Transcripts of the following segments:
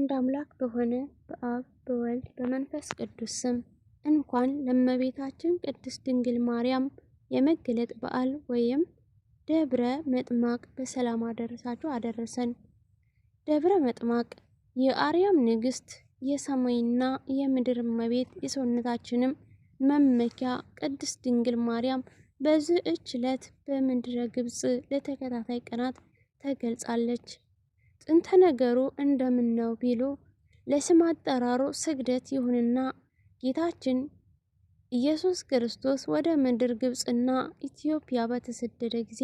አንድ አምላክ በሆነ በአብ በወልድ በመንፈስ ቅዱስ ስም እንኳን ለእመቤታችን ቅድስት ድንግል ማርያም የመገለጥ በዓል ወይም ደብረ መጥማቅ በሰላም አደረሳችሁ አደረሰን። ደብረ መጥማቅ የአርያም ንግስት የሰማይና የምድር እመቤት የሰውነታችንም መመኪያ ቅድስት ድንግል ማርያም በዚህች ዕለት በምድረ ግብፅ ለተከታታይ ቀናት ተገልጻለች። ጥንተ ነገሩ እንደምን ነው ቢሉ ለስም አጠራሩ ስግደት ይሁንና ጌታችን ኢየሱስ ክርስቶስ ወደ ምድር ግብፅና ኢትዮጵያ በተሰደደ ጊዜ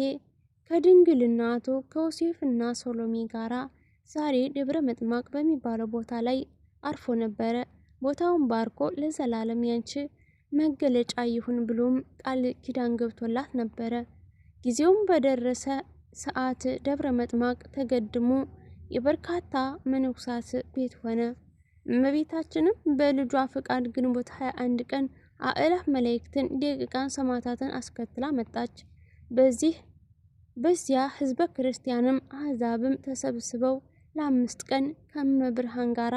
ከድንግልናቱ ከዮሴፍና ሶሎሜ ጋራ ዛሬ ደብረ መጥማቅ በሚባለው ቦታ ላይ አርፎ ነበረ። ቦታውን ባርኮ ለዘላለም ያንቺ መገለጫ ይሁን ብሎም ቃል ኪዳን ገብቶላት ነበረ። ጊዜውም በደረሰ ሰዓት ደብረ መጥማቅ ተገድሞ የበርካታ መነኩሳት ቤት ሆነ። እመቤታችንም በልጇ ፈቃድ ግንቦት 21 ቀን አእላፍ መላእክትን ደቂቃን ሰማዕታትን አስከትላ መጣች። በዚህ በዚያ ህዝበ ክርስቲያንም አሕዛብም ተሰብስበው ለአምስት ቀን ከመብርሃን ጋር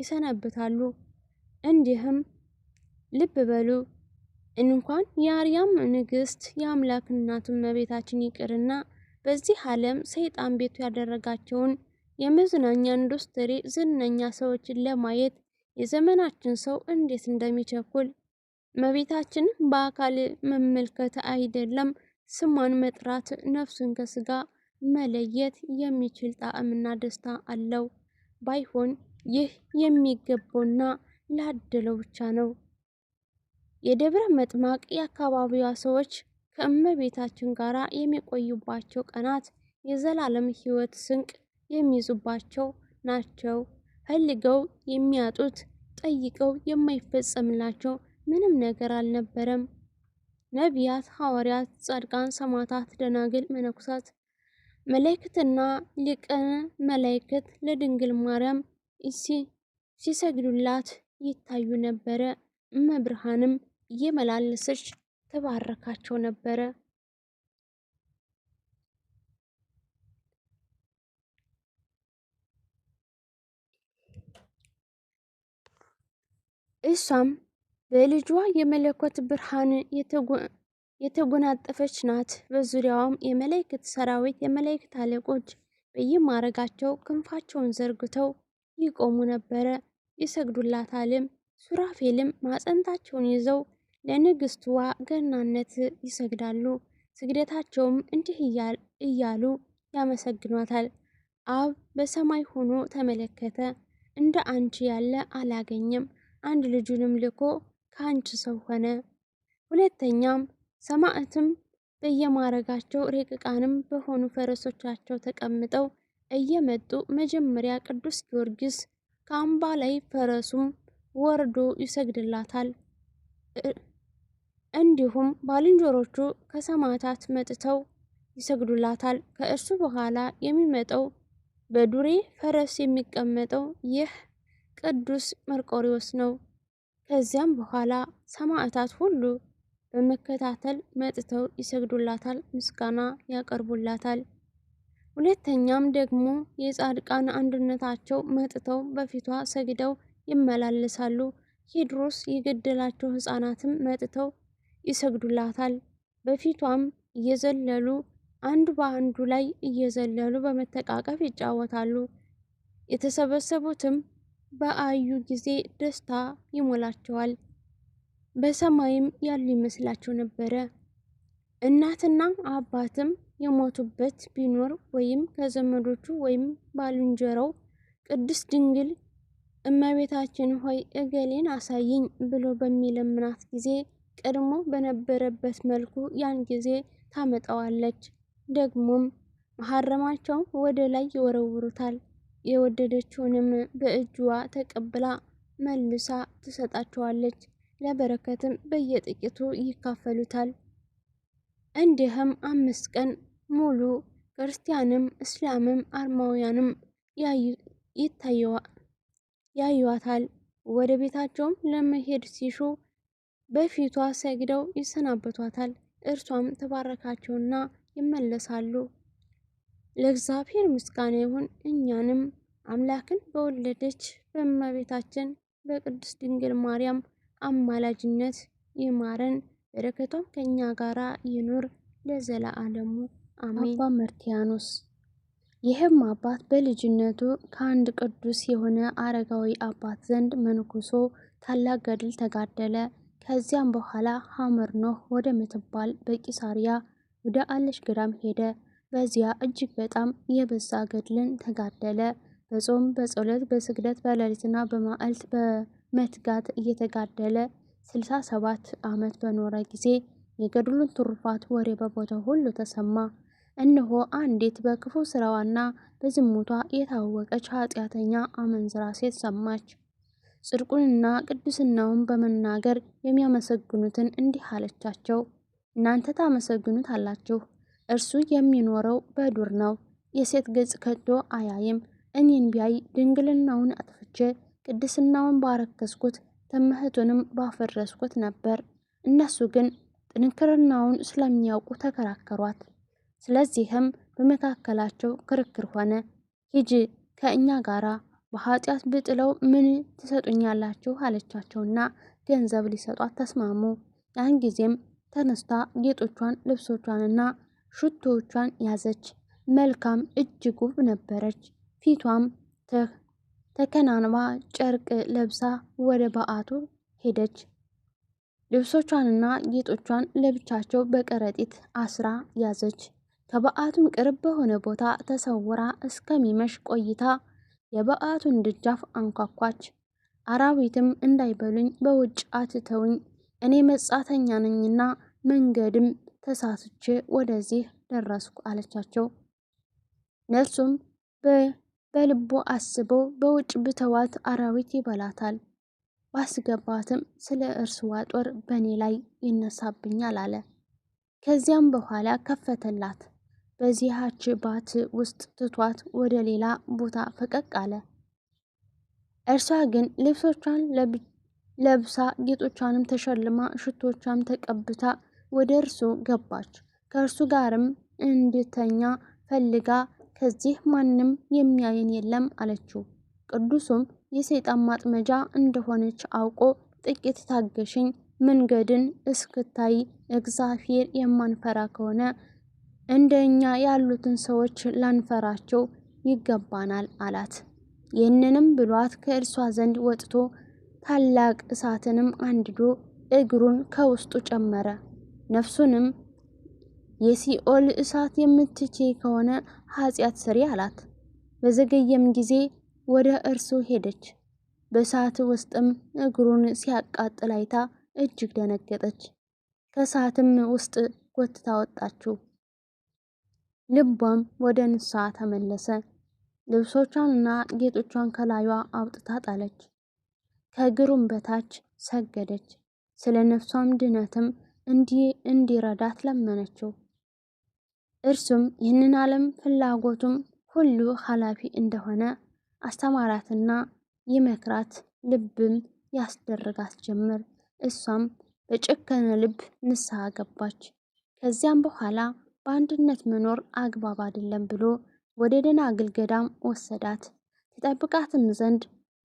ይሰነብታሉ። እንዲህም ልብ በሉ እንኳን የአርያም ንግስት የአምላክ እናቱ እመቤታችን ይቅርና በዚህ ዓለም ሰይጣን ቤቱ ያደረጋቸውን የመዝናኛ ኢንዱስትሪ ዝነኛ ሰዎችን ለማየት የዘመናችን ሰው እንዴት እንደሚቸኩል መቤታችን በአካል መመልከት አይደለም ስሟን መጥራት ነፍሱን ከስጋ መለየት የሚችል ጣዕምና ደስታ አለው። ባይሆን ይህ የሚገባውና ላደለው ብቻ ነው። የደብረ መጥማቅ የአካባቢዋ ሰዎች ከእመቤታችን ጋር የሚቆዩባቸው ቀናት የዘላለም ሕይወት ስንቅ የሚይዙባቸው ናቸው። ፈልገው የሚያጡት ጠይቀው የማይፈጸምላቸው ምንም ነገር አልነበረም። ነቢያት፣ ሐዋርያት፣ ጻድቃን፣ ሰማዕታት፣ ደናግል፣ መነኩሳት፣ መላእክትና ሊቃነ መላእክት ለድንግል ማርያም ሲሰግዱላት ይታዩ ነበረ። እመብርሃንም እየመላለሰች ተባረካቸው ነበረ። እሷም በልጇ የመለኮት ብርሃን የተጎናጠፈች ናት። በዙሪያዋም የመላእክት ሰራዊት፣ የመላእክት አለቆች በየማረጋቸው ክንፋቸውን ዘርግተው ይቆሙ ነበረ፣ ይሰግዱላታልም። ሱራፌልም ማጸንታቸውን ይዘው ለንግስትዋ ገናነት ይሰግዳሉ። ስግደታቸውም እንዲህ እያሉ ያመሰግኗታል። አብ በሰማይ ሆኖ ተመለከተ፣ እንደ አንቺ ያለ አላገኘም። አንድ ልጁንም ልኮ ከአንቺ ሰው ሆነ። ሁለተኛም ሰማዕትም በየማረጋቸው ሬቅቃንም በሆኑ ፈረሶቻቸው ተቀምጠው እየመጡ መጀመሪያ ቅዱስ ጊዮርጊስ ከአምባ ላይ ፈረሱም ወርዶ ይሰግድላታል። እንዲሁም ባልንጀሮቹ ከሰማዕታት መጥተው ይሰግዱላታል። ከእርሱ በኋላ የሚመጣው በዱሬ ፈረስ የሚቀመጠው ይህ ቅዱስ መርቆሪዎስ ነው። ከዚያም በኋላ ሰማዕታት ሁሉ በመከታተል መጥተው ይሰግዱላታል፣ ምስጋና ያቀርቡላታል። ሁለተኛም ደግሞ የጻድቃን አንድነታቸው መጥተው በፊቷ ሰግደው ይመላለሳሉ። ቴዎድሮስ የገደላቸው ሕፃናትም መጥተው ይሰግዱላታል። በፊቷም እየዘለሉ አንዱ በአንዱ ላይ እየዘለሉ በመተቃቀፍ ይጫወታሉ። የተሰበሰቡትም በአዩ ጊዜ ደስታ ይሞላቸዋል። በሰማይም ያሉ ይመስላቸው ነበረ። እናትና አባትም የሞቱበት ቢኖር ወይም ከዘመዶቹ ወይም ባልንጀራው ቅድስት ድንግል እመቤታችን ሆይ እገሌን አሳይኝ ብሎ በሚለምናት ጊዜ ቀድሞ በነበረበት መልኩ ያን ጊዜ ታመጣዋለች። ደግሞም መሐረማቸውን ወደ ላይ ይወረውሩታል። የወደደችውንም በእጅዋ ተቀብላ መልሳ ትሰጣቸዋለች። ለበረከትም በየጥቂቱ ይካፈሉታል። እንዲህም አምስት ቀን ሙሉ ክርስቲያንም እስላምም አርማውያንም ያዩዋታል። ወደ ቤታቸውም ለመሄድ ሲሹ በፊቷ ሰግደው ይሰናበቷታል። እርሷም ተባረካቸውና ይመለሳሉ። ለእግዚአብሔር ምስጋና ይሁን። እኛንም አምላክን በወለደች በእመቤታችን በቅድስት ድንግል ማርያም አማላጅነት ይማረን፣ በረከቷም ከእኛ ጋራ ይኑር ለዘላለሙ አሜን። አባ መርቲያኖስ ይህም አባት በልጅነቱ ከአንድ ቅዱስ የሆነ አረጋዊ አባት ዘንድ መንኩሶ ታላቅ ገድል ተጋደለ። ከዚያም በኋላ ሐመር ኖህ ወደ ምትባል በቂሳሪያ ወደ አለሽ ግራም ሄደ። በዚያ እጅግ በጣም የበዛ ገድልን ተጋደለ። በጾም በጸሎት በስግደት በሌሊትና በማዕልት በመትጋት እየተጋደለ 67 ዓመት በኖረ ጊዜ የገድሉን ትሩፋት ወሬ በቦታው ሁሉ ተሰማ። እነሆ አንዲት በክፉ ስራዋና በዝሙቷ የታወቀች ኃጢአተኛ አመንዝራ ሴት ሰማች። ጽድቁንና ቅዱስናውን በመናገር የሚያመሰግኑትን እንዲህ አለቻቸው፣ እናንተ ታመሰግኑት አላችሁ እርሱ የሚኖረው በዱር ነው። የሴት ገጽ ከቶ አያይም። እኔን ቢያይ ድንግልናውን አጥፍቼ ቅድስናውን ባረከስኩት ተመህቱንም ባፈረስኩት ነበር። እነሱ ግን ጥንክርናውን ስለሚያውቁ ተከራከሯት። ስለዚህም በመካከላቸው ክርክር ሆነ። ሂጂ ከእኛ ጋራ በኃጢአት ብጥለው ምን ትሰጡኛላችሁ አለቻቸውና ገንዘብ ሊሰጧት ተስማሙ። ያን ጊዜም ተነስታ ጌጦቿን ልብሶቿንና ሽቶዎቿን ያዘች። መልካም እጅግ ውብ ነበረች። ፊቷም ተከናንባ ጨርቅ ለብሳ ወደ በዓቱ ሄደች። ልብሶቿንና ጌጦቿን ለብቻቸው በከረጢት አስራ ያዘች። ከበዓቱም ቅርብ በሆነ ቦታ ተሰውራ እስከሚመሽ ቆይታ የበዓቱን ደጃፍ አንኳኳች። አራዊትም እንዳይበሉኝ በውጭ አትተውኝ፣ እኔ መጻተኛ ነኝና መንገድም ተሳስቼ ወደዚህ ደረስኩ አለቻቸው። ነርሱም በልቦ አስቦ በውጭ ብተዋት አራዊት ይበላታል፣ ባስገባትም ስለ እርስዋ ጦር በእኔ ላይ ይነሳብኛል አለ። ከዚያም በኋላ ከፈተላት። በዚህች ባት ውስጥ ትቷት ወደ ሌላ ቦታ ፈቀቅ አለ። እርሷ ግን ልብሶቿን ለብሳ ጌጦቿንም ተሸልማ ሽቶቿም ተቀብታ ወደ እርሱ ገባች። ከእርሱ ጋርም እንድተኛ ፈልጋ ከዚህ ማንም የሚያየን የለም አለችው። ቅዱሱም የሰይጣን ማጥመጃ እንደሆነች አውቆ ጥቂት ታገሽኝ፣ መንገድን እስክታይ እግዚአብሔር የማንፈራ ከሆነ እንደኛ ያሉትን ሰዎች ላንፈራቸው ይገባናል አላት። ይህንንም ብሏት ከእርሷ ዘንድ ወጥቶ ታላቅ እሳትንም አንድዶ እግሩን ከውስጡ ጨመረ። ነፍሱንም የሲኦል እሳት የምትቼ ከሆነ ኃጢአት ስሪ አላት። በዘገየም ጊዜ ወደ እርሱ ሄደች። በእሳት ውስጥም እግሩን ሲያቃጥል አይታ እጅግ ደነገጠች። ከእሳትም ውስጥ ጎትታ ወጣችው። ልቧም ወደ ንስሐ ተመለሰ። ልብሶቿንና ጌጦቿን ከላዩዋ አውጥታ ጣለች። ከእግሩም በታች ሰገደች። ስለ ነፍሷም ድነትም እንዲረዳት ለመነችው። እርሱም ይህንን ዓለም ፍላጎቱም ሁሉ ኃላፊ እንደሆነ አስተማራትና የመክራት ልብም ያስደርጋት ጀምር! እሷም በጨከነ ልብ ንስሐ ገባች። ከዚያም በኋላ በአንድነት መኖር አግባብ አይደለም ብሎ ወደ ደናግል ገዳም ወሰዳት። ተጠብቃትም ዘንድ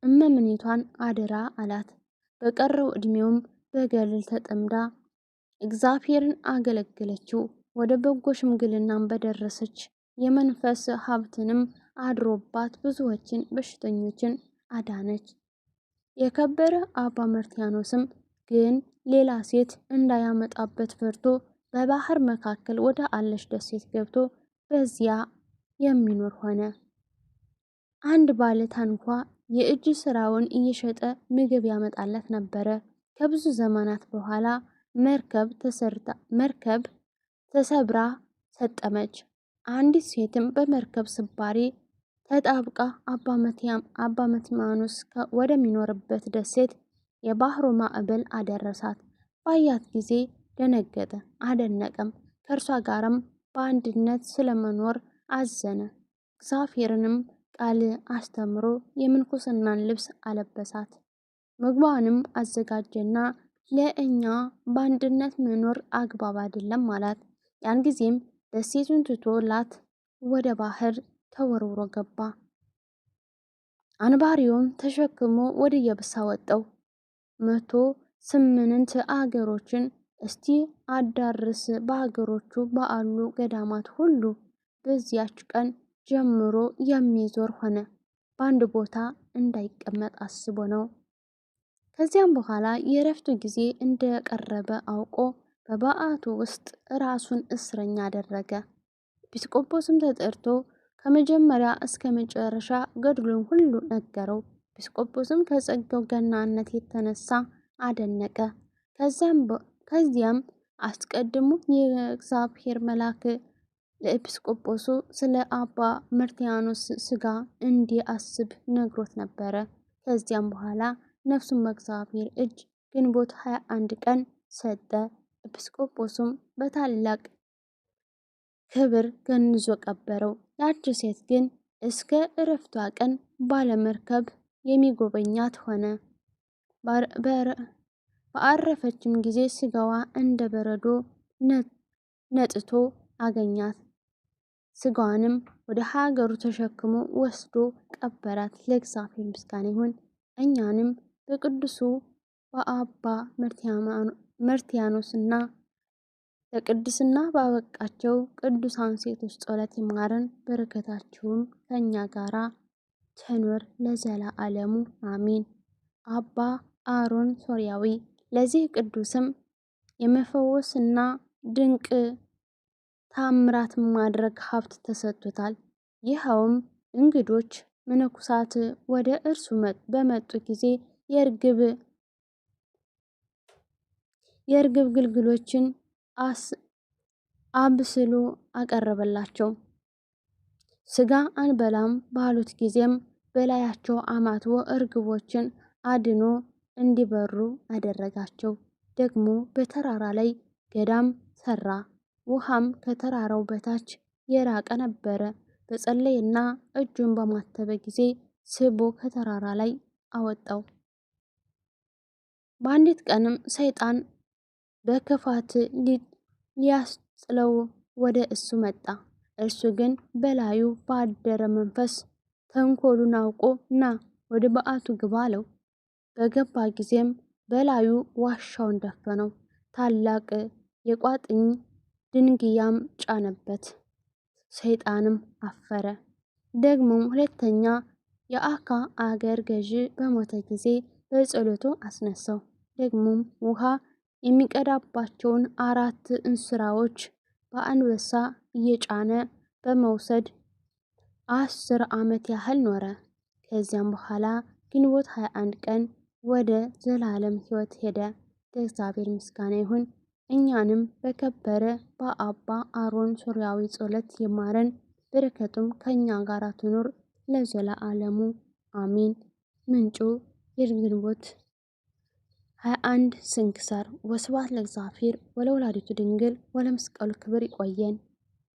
እመምኔቷን አደራ አላት። በቀረው ዕድሜውም በገልል ተጠምዳ እግዚአብሔርን አገለገለችው። ወደ በጎ ሽምግልናም በደረሰች የመንፈስ ሀብትንም አድሮባት ብዙዎችን በሽተኞችን አዳነች። የከበረ አባ መርቲያኖስም ግን ሌላ ሴት እንዳያመጣበት ፈርቶ በባህር መካከል ወደ አለች ደሴት ገብቶ በዚያ የሚኖር ሆነ። አንድ ባለ ታንኳ የእጅ ስራውን እየሸጠ ምግብ ያመጣለት ነበረ። ከብዙ ዘመናት በኋላ መርከብ ተሰብራ ሰጠመች። አንዲት ሴትም በመርከብ ስባሪ ተጣብቃ አባ መትያኖስ ወደሚኖርበት ደሴት የባህሩ ማዕበል አደረሳት። ባያት ጊዜ ደነገጠ፣ አደነቀም። ከእርሷ ጋርም በአንድነት ስለመኖር አዘነ። እግዚአብሔርንም ቃል አስተምሮ የምንኩስናን ልብስ አለበሳት። ምግቧንም አዘጋጀና ለእኛ በአንድነት መኖር አግባብ አይደለም አላት። ያን ጊዜም ደሴቱን ትቶ ላት ወደ ባህር ተወርውሮ ገባ። አንባሪውም ተሸክሞ ወደ የብሳ ወጣው! መቶ ስምንት አገሮችን እስቲ አዳርስ በአገሮቹ በአሉ ገዳማት ሁሉ በዚያች ቀን ጀምሮ የሚዞር ሆነ። በአንድ ቦታ እንዳይቀመጥ አስቦ ነው። ከዚያም በኋላ የእረፍቱ ጊዜ እንደቀረበ አውቆ በበዓቱ ውስጥ ራሱን እስረኛ አደረገ። ኤጲስቆጶስም ተጠርቶ ከመጀመሪያ እስከ መጨረሻ ገድሉን ሁሉ ነገረው። ኤጲስቆጶስም ከጸጋው ገናነት የተነሳ አደነቀ። ከዚያም አስቀድሞ የእግዚአብሔር መልአክ ለኤጲስቆጶሱ ስለ አባ መርትያኖስ ስጋ እንዲያስብ ነግሮት ነበረ። ከዚያም በኋላ ነፍሱን በእግዚአብሔር እጅ ግንቦት 21 ቀን ሰጠ። ኤጲስቆጶስም በታላቅ ክብር ገንዞ ቀበረው። ያች ሴት ግን እስከ እረፍቷ ቀን ባለመርከብ የሚጎበኛት ሆነ። በአረፈችም ጊዜ ስጋዋ እንደ በረዶ ነጥቶ አገኛት። ስጋዋንም ወደ ሀገሩ ተሸክሞ ወስዶ ቀበራት። ለእግዚአብሔር ምስጋና ይሁን እኛንም በቅዱሱ በአባ መርቲያኖስ እና ለቅድስና ባበቃቸው ቅዱሳን ሴቶች ጸሎት ይማረን። በረከታቸውም ከእኛ ጋራ ትኖር ለዘላ ዓለሙ አሚን። አባ አሮን ሶርያዊ ለዚህ ቅዱስም የመፈወስና ድንቅ ታምራት ማድረግ ሀብት ተሰጥቶታል። ይኸውም እንግዶች መነኩሳት ወደ እርሱ በመጡ ጊዜ የእርግብ የእርግብ ግልግሎችን አብስሎ አቀረበላቸው። ስጋ አንበላም ባሉት ጊዜም በላያቸው አማትቦ እርግቦችን አድኖ እንዲበሩ አደረጋቸው። ደግሞ በተራራ ላይ ገዳም ሰራ። ውሃም ከተራራው በታች የራቀ ነበረ። በጸለይና እጁን በማተበ ጊዜ ስቦ ከተራራ ላይ አወጣው። በአንዲት ቀንም ሰይጣን በክፋት ሊያስጥለው ወደ እሱ መጣ። እርሱ ግን በላዩ ባደረ መንፈስ ተንኮሉን አውቆ ና ወደ በዓቱ ግባ አለው። በገባ ጊዜም በላዩ ዋሻውን ደፈነው፣ ታላቅ የቋጥኝ ድንግያም ጫነበት። ሰይጣንም አፈረ። ደግሞም ሁለተኛ የአካ አገር ገዢ በሞተ ጊዜ በጸሎቱ አስነሳው። ደግሞም ውሃ የሚቀዳባቸውን አራት እንስራዎች በአንበሳ እየጫነ በመውሰድ አስር ዓመት ያህል ኖረ። ከዚያም በኋላ ግንቦት 21 ቀን ወደ ዘላለም ሕይወት ሄደ። ለእግዚአብሔር ምስጋና ይሁን። እኛንም በከበረ በአባ አሮን ሶርያዊ ጸሎት ይማረን፣ በረከቱም ከእኛ ጋር ትኑር ለዘላ አለሙ አሚን። ምንጩ የግንቦት 21 ስንክሳር ወስብሐት ለእግዚአብሔር ወለወላዲቱ ድንግል ወለመስቀሉ ክብር። ይቆየን።